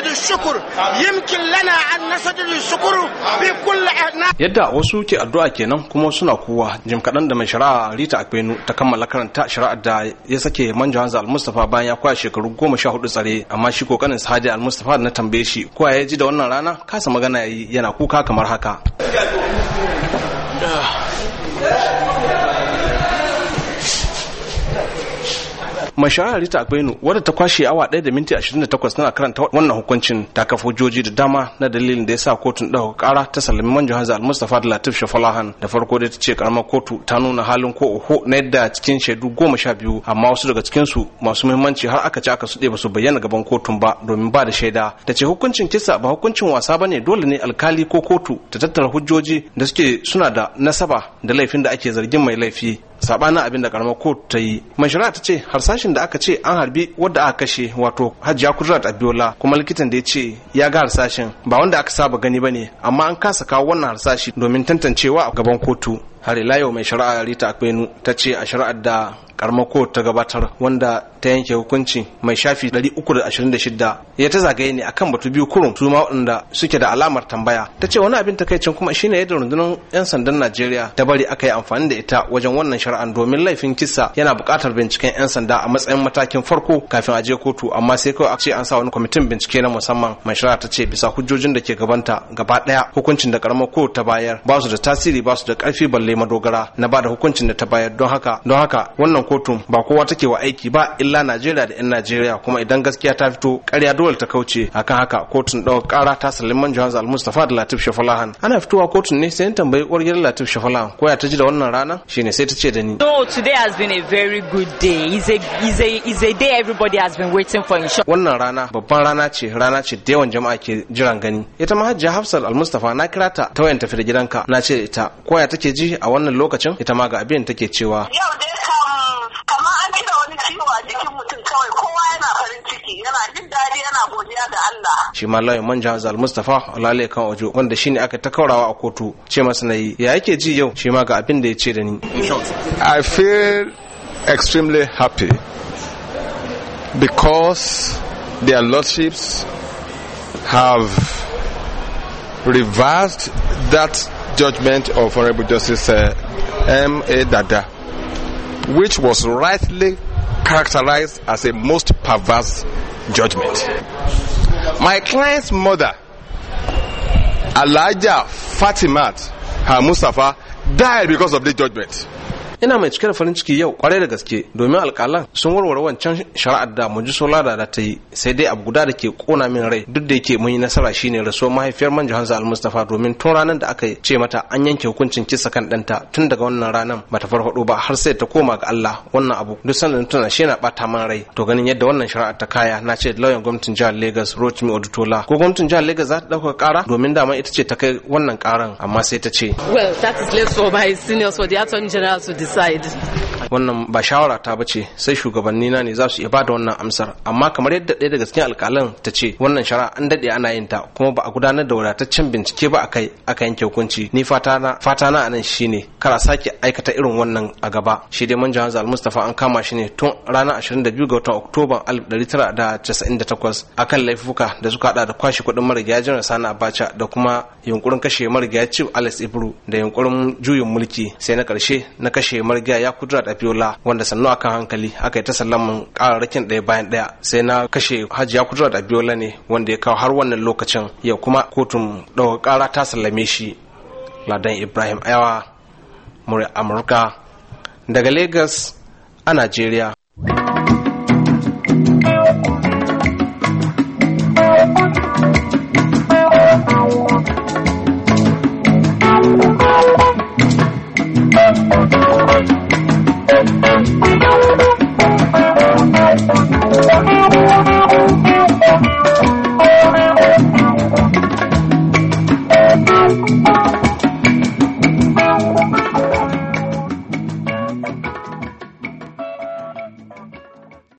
nasadudu shukuru yimkin lana an shukuru bi kulli yadda wasu ke addu'a kenan kuma suna kowa. jim kadan da mai shari'a Rita Akpenu ta kammala karanta shari'a da ya sake manjan Hazal almustafa bayan ya kwaya shekaru 14 tsare amma shi kokarin Sadi Al da na tambaye shi ko ya ji da wannan rana kasa magana yana kuka kamar haka mai shawara rita akwainu wadda ta kwashe awa ɗaya da minti ashirin da takwas tana karanta wannan hukuncin ta kafa hujjoji da dama na dalilin da ya sa kotun ɗaukaka ƙara ta sallami manjo hazal mustapha da latif shafalahan da farko dai ta ce karamar kotu ta nuna halin ko oho na yadda cikin shaidu goma sha biyu amma wasu daga cikinsu masu muhimmanci har aka ci aka suɗe ba su bayyana gaban kotun ba domin ba da shaida ta ce hukuncin kisa ba hukuncin wasa ba ne dole ne alkali ko kotu ta tattara hujjoji da suke suna da nasaba da laifin da ake zargin mai laifi sabanin abin da karamar kotu ta yi mai ta ce harsashin da aka ce an harbi wadda aka kashe wato hajiya kudrat abiola kuma likitan da ya ce ya ga harsashin ba wanda aka saba gani ba ne amma an kasa kawo wannan harsashi domin tantancewa a gaban kotu har ila yau mai shari'a rita akpenu ta ce a shari'ar da karmako ta gabatar wanda ta yanke hukunci mai shafi 326 ya ta zagaye ne akan batu biyu kurum su ma waɗanda suke da alamar tambaya ta ce wani abin takaicin kuma shine yadda rundunar 'yan sandan najeriya ta bari aka yi amfani da ita wajen wannan shari'an domin laifin kisa yana buƙatar binciken 'yan sanda a matsayin matakin farko kafin a je kotu amma sai kawai a ce an sa wani kwamitin bincike na musamman mai shari'a ta ce bisa hujjojin da ke gabanta gaba ɗaya hukuncin da karamar ta bayar ba su da tasiri ba su da ƙarfi balle dai madogara na bada hukuncin da ta bayar don haka don haka wannan kotun ba kowa take wa aiki ba illa Najeriya da 'yan Najeriya kuma idan gaskiya ta fito ƙarya dole ta kauce akan haka kotun ɗaukar ƙara ta Suleiman Johannes Al-Mustafa da Latif Shafalahan ana fitowa kotun ne sai tambayi uwar gidan Latif Shafalahan ko ya ta ji da wannan rana shine sai ta ce da ni. So today has been a very good day is a is a is a day everybody has been waiting for in Wannan rana babban rana ce rana ce da yawan jama'a ke jiran gani ita ma Hajjia Hafsat Al-Mustafa na kira ta ta wayan tafi da gidanka na ce ita ko ya take ji a wannan lokacin ita ma ga abin take cewa shi ma layin manja zal Mustapha Olale kan Ojo wanda shine aka ta kaurawa a kotu ce masa ya yake ji yau shi ma ga abin da ya ce da ni I feel extremely happy because their lordships have reversed that judgment of Honorable Justice uh, M. A. Dada, which was rightly characterized as a most perverse judgment. My client's mother, Elijah Fatimat Mustafa, died because of this judgment. ina mai cike da farin ciki yau kwarai da gaske domin alƙalan sun warware wancan shari'ar da mu muji solada da ta yi sai dai abu guda da ke kona min rai duk da yake mun yi nasara shine rasuwar mahaifiyar man johanza almustafa domin tun ranar da aka ce mata an yanke hukuncin kisa kan ɗanta tun daga wannan ranar bata farfaɗo ba har sai ta koma ga Allah wannan abu duk sanin tuna shi yana bata man rai to ganin yadda wannan shari'ar ta kaya na ce lauyan gwamnatin jihar legas Rotimi Odutola ko gwamnatin jihar legas za ta dauka kara domin dama ita ce ta kai wannan karan amma sai ta ce well that is left for my seniors for the attorney general to decide. wannan ba shawara ta bace sai shugabanni na ne za su iya bada wannan amsar amma kamar yadda ɗaya daga cikin alƙalan ta ce wannan shara an daɗe ana yin ta kuma ba a gudanar da wadataccen bincike ba akai aka yanke hukunci ni fata na fata na anan shine a sake aikata irin wannan a gaba shi dai manjan Hazal Mustafa an kama shi ne tun ranar 22 ga watan Oktoba 1998 akan laifuka da suka hada da kwashe kuɗin marigayi jiran Sani Abacha da kuma yunkurin kashe marigaya Chief Alex Ibru da yunkurin juyin mulki sai na karshe na kashe marigaya ya kudura da Abiola wanda sannu akan hankali aka yi ta sallaman kararrakin ɗaya bayan ɗaya sai na kashe hajiya kudrat abiola ne wanda ya kawo har wannan lokacin yau kuma kotun ɗaukar ƙara ta sallame shi ladan ibrahim ayawa murya amurka daga lagos a najeriya Thank you.